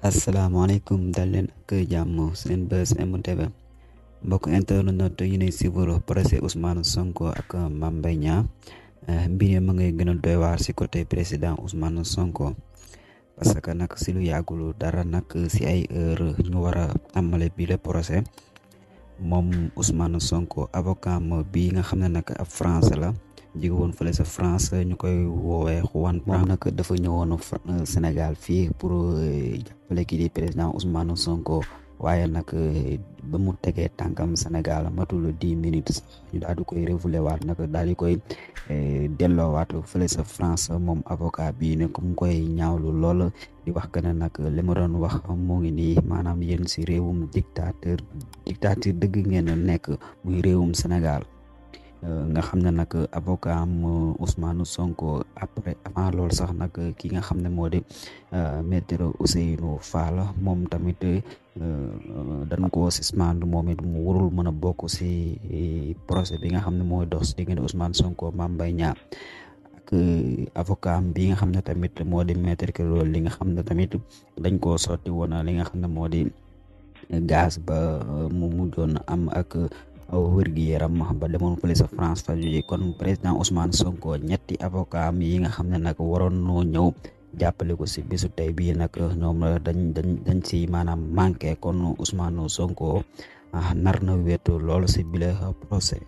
asalaamaaleykum dal leen ak jàmm seen bés MTV mbokk internet yu ñuy suivre procès Ousmane Sonko ak Mame Mbaye Niang eh, mbir ma ngay gën doy waar si côté président Ousmane Sonko parce que nag si lu yàggul dara nag si ay heure ñu war a amale bi le procès moom Ousmane Sonko avocat bi nga xam ne nag ab France la jóge woon fële sa France ñu koy woowee Juan Branco nag dafa ñëwoon Sénégal fii pour euh, jàppale kii di président Ousmane Sonko waaye nag euh, ba mu tegee tànkam Sénégal matul dix minutes ñu daal di koy révélé waat nag daal di koy euh, delloowaat fële sa France moom avocat bi ne mu koy ñaawlu lool di wax que ne nag li ma doon wax moo ngi nii maanaam yéen si réewum dictateur dictateur dëgg ngeen nekk muy réewum Sénégal. nga xam ne nag avocat am euh, Sonko après avant lool sax nag ki nga xam ne moo di euh, maître Ousseynou Fall moom tamit euh, dañ ko suspendre moom it mu warul mën a bokk si eh, procès bi nga xam ne mooy dox si Sonko Mame Mbaye Niang avocat bi nga xam ne tamit moo di maître que loolu li nga xam ne tamit dañ koo sotti woon li nga xam ne moo di gaz ba mu mujjoon am ak aw gi gu ma ba demoon police France fa kon président Ousmane Sonko ñetti avocat mi yi nga xam ne nag waroon noo ñëw jàppale ko si bisu tey bii nag ñoom dañ dañ dañ si maanaam manqué kon Ousmane Sonko ah, nar na wéetu lool si bile procès.